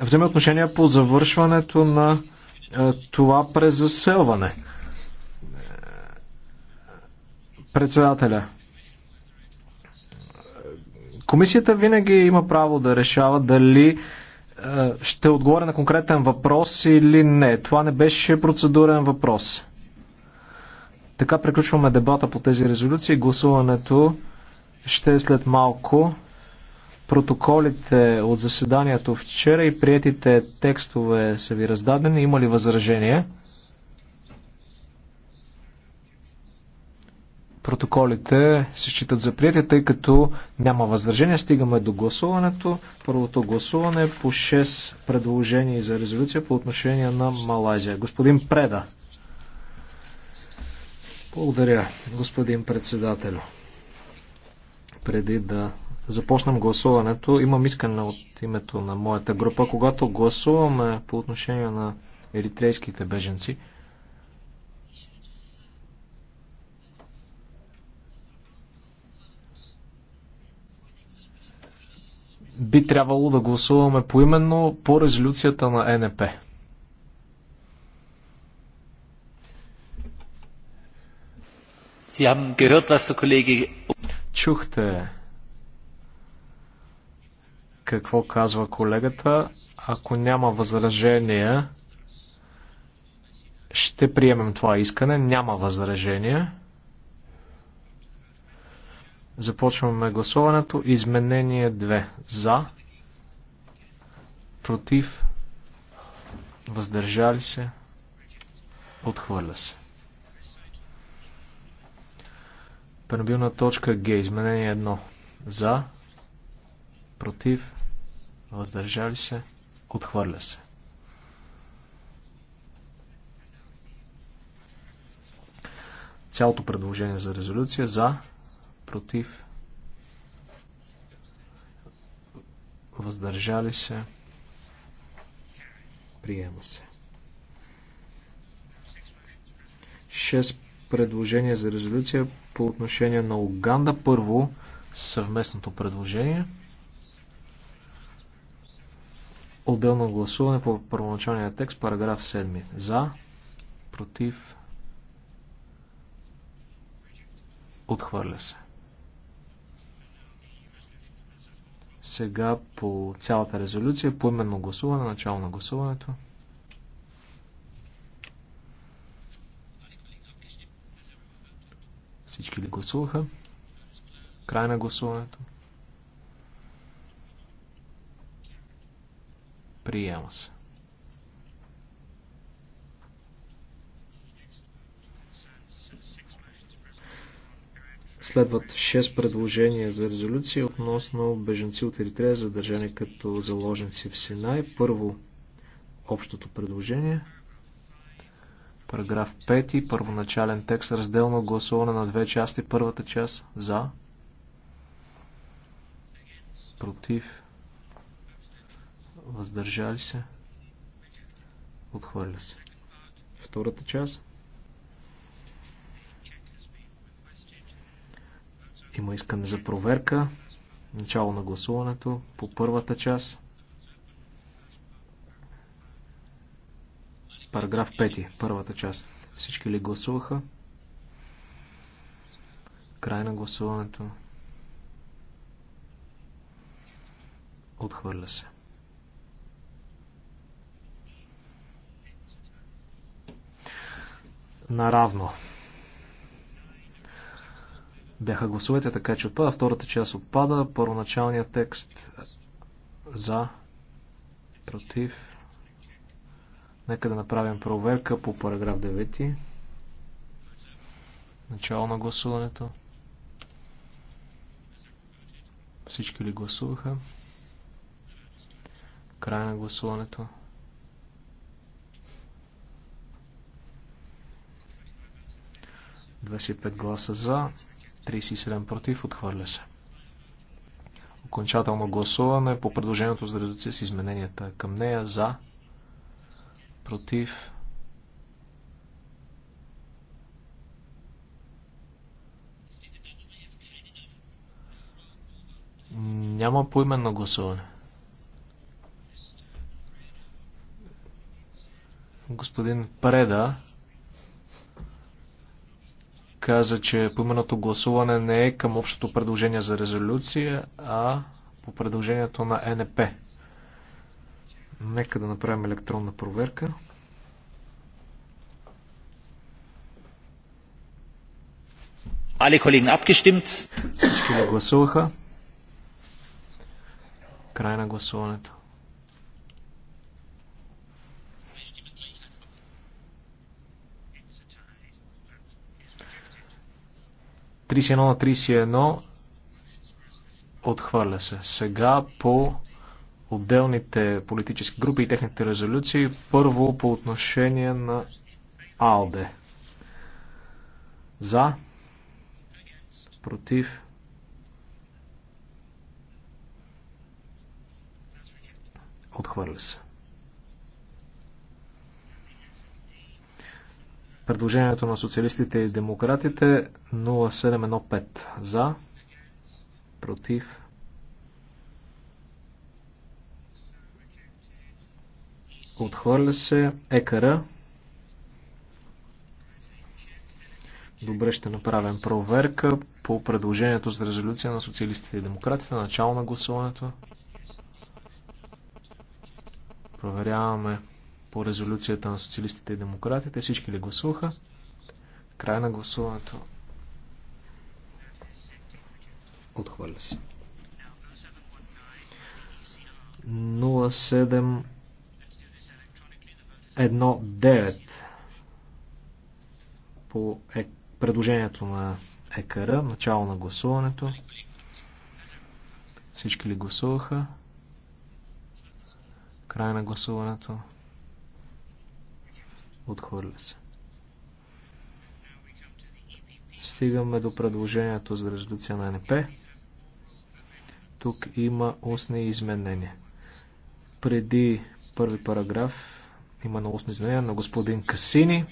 вземе отношение по завършването на е, това през заселване. Председателя. Комисията винаги има право да решава дали е, ще отговоря на конкретен въпрос или не. Това не беше процедурен въпрос. Така приключваме дебата по тези резолюции. Гласуването ще е след малко. Протоколите от заседанието вчера и приятите текстове са ви раздадени. Има ли възражение? Протоколите се считат за прияти, тъй като няма възражение. Стигаме до гласуването. Първото гласуване е по 6 предложения за резолюция по отношение на Малайзия. Господин Преда. Благодаря, господин председател. Преди да започнем гласуването. Имам искане от името на моята група. Когато гласуваме по отношение на еритрейските беженци, би трябвало да гласуваме поименно по резолюцията на НП. Чухте какво казва колегата. Ако няма възражения, ще приемем това искане. Няма възражения. Започваме гласуването. Изменение 2. За. Против. Въздържали се. Отхвърля се. Пенобилна точка Г. Изменение 1. За. Против въздържали се, отхвърля се. Цялото предложение за резолюция за, против, въздържали се, приема се. 6 предложения за резолюция по отношение на Уганда. Първо съвместното предложение. Отделно гласуване по първоначалния текст, параграф 7. За, против, отхвърля се. Сега по цялата резолюция, по именно гласуване, начало на гласуването. Всички ли гласуваха? Край на гласуването. Приема се. Следват 6 предложения за резолюция относно беженци от Еритрея, задържани като заложници в Синай. Първо, общото предложение. Параграф 5, първоначален текст, разделно гласуване на две части. Първата част за, против, въздържали се, отхвърля се. Втората част. Има искане за проверка. Начало на гласуването по първата част. Параграф 5, първата част. Всички ли гласуваха? Край на гласуването. Отхвърля се. наравно. Бяха гласовете, така че отпада. Втората част отпада. Първоначалният текст за, против. Нека да направим проверка по параграф 9. Начало на гласуването. Всички ли гласуваха? Край на гласуването. 25 гласа за, 37 против, отхвърля се. Окончателно гласуване по предложението за резолюция с измененията към нея за, против, Няма поименно гласуване. Господин Преда, каза, че поименното гласуване не е към общото предложение за резолюция, а по предложението на НП. Нека да направим електронна проверка. Alle Kollegen abgestimmt. Всички гласуваха? Край на гласуването. 31 на 31 отхвърля се. Сега по отделните политически групи и техните резолюции. Първо по отношение на АЛДЕ. За, против, отхвърля се. Предложението на социалистите и демократите 0715 за, против, отхвърля се, екара. Добре, ще направим проверка по предложението за резолюция на социалистите и демократите. Начало на гласуването. Проверяваме по резолюцията на социалистите и демократите. Всички ли гласуваха? Край на гласуването. Отхвърля се. 0719 по е... предложението на ЕКР, начало на гласуването. Всички ли гласуваха? Край на гласуването. Отхвърля се. Стигаме до предложението за резолюция на НП. Тук има устни изменения. Преди първи параграф има на устни изменения на господин Касини.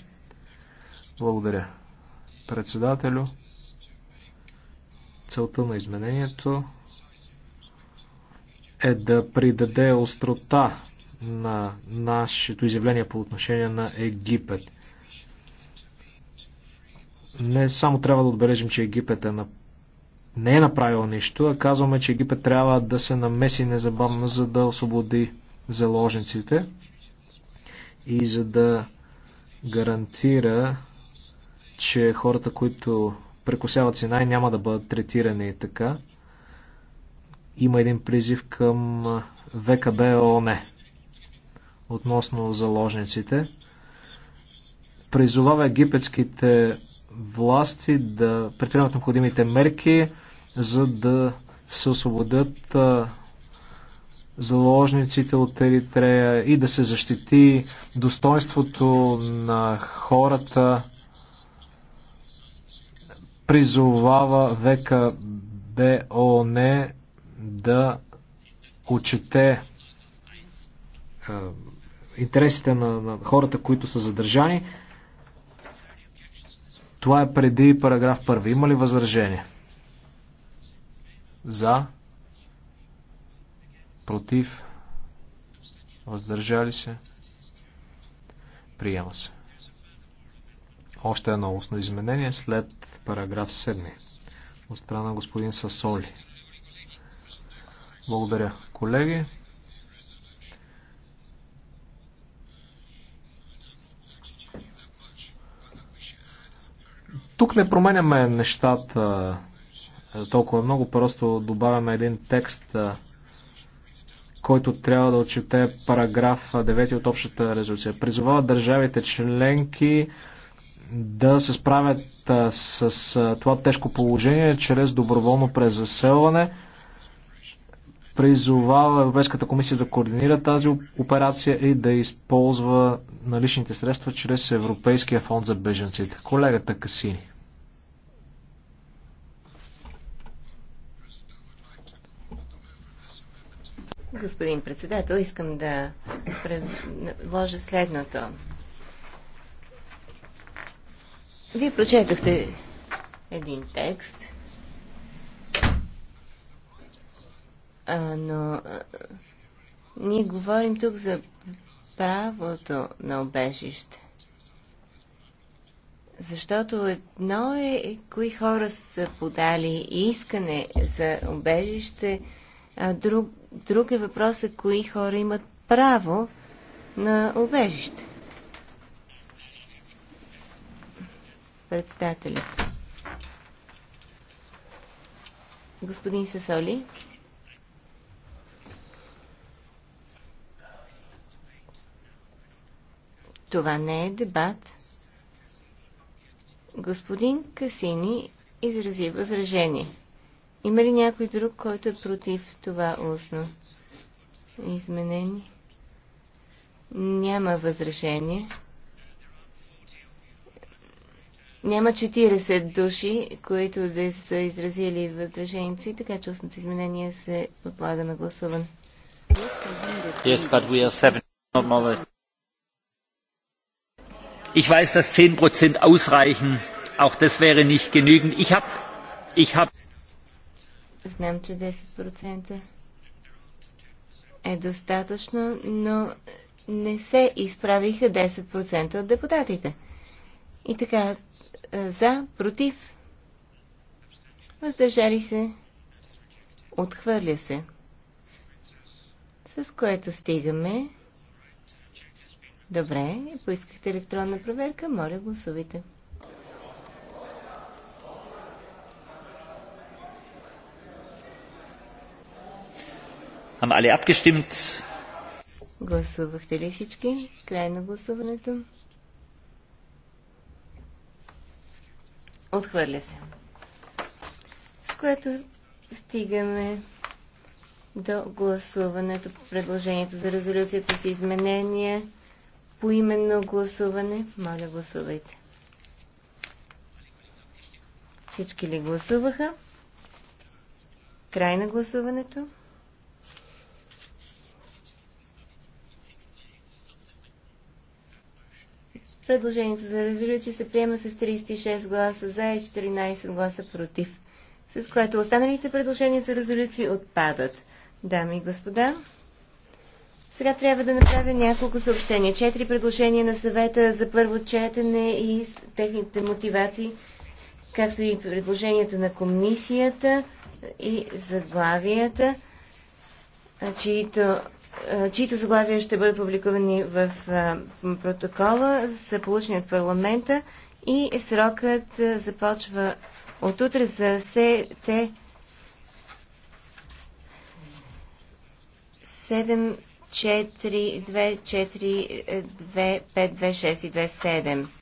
Благодаря. Председателю, целта на изменението е да придаде острота на нашето изявление по отношение на Египет. Не само трябва да отбележим, че Египет е на... не е направил нищо, а казваме, че Египет трябва да се намеси незабавно, за да освободи заложниците и за да гарантира, че хората, които прекусяват Синай, няма да бъдат третирани и така. Има един призив към ВКБ ООН относно заложниците. Призовава египетските власти да предприемат необходимите мерки, за да се освободят заложниците от Еритрея и да се защити достоинството на хората. Призовава века БОН да отчете интересите на, на хората, които са задържани. Това е преди параграф 1. Има ли възражение? За? Против? Въздържали се? Приема се. Още едно устно изменение след параграф 7 от страна господин Сасоли. Благодаря, колеги. Тук не променяме нещата е, толкова много, просто добавяме един текст, е, който трябва да отчете параграф 9 от общата резолюция. Призовава държавите членки да се справят е, с това тежко положение чрез доброволно презаселване призовава Европейската комисия да координира тази операция и да използва наличните средства чрез Европейския фонд за беженците. Колегата Касини. Господин председател, искам да предложа следното. Вие прочетохте един текст – А, но а, ние говорим тук за правото на обежище. Защото едно е кои хора са подали искане за обежище, а друг, друг е въпросът кои хора имат право на обежище. Председателят. Господин Сасоли. Това не е дебат. Господин Касини изрази възражение. Има ли някой друг, който е против това устно изменение? Няма възражение. Няма 40 души, които да са изразили възраженици, така че устното изменение се отлага на гласуване. Yes, but we are seven, not more ich weiß dass zehn prozent ausreichen auch das wäre nicht genügend. ich habe ich hab Знам, че 10% е достатъчно, но не се изправиха 10% от депутатите. И така, за, против, въздържали се, отхвърля се. С което стигаме Добре, поискахте електронна проверка, моля гласувайте. Haben alle abgestimmt? Гласувахте ли всички? Край на гласуването. Отхвърля се. С което стигаме до гласуването по предложението за резолюцията с изменения. По именно гласуване, моля гласувайте. Всички ли гласуваха? Край на гласуването. Предложението за резолюция се приема с 36 гласа за и 14 гласа против, с което останалите предложения за резолюции отпадат. Дами и господа, сега трябва да направя няколко съобщения. Четири предложения на съвета за първо четене и техните мотивации, както и предложенията на комисията и заглавията, чието, чието заглавия ще бъдат публикувани в протокола, са получени от парламента и срокът започва от утре за СЦ 7 4, 2, 4, 2, 5, 2, 6 и 2, 7.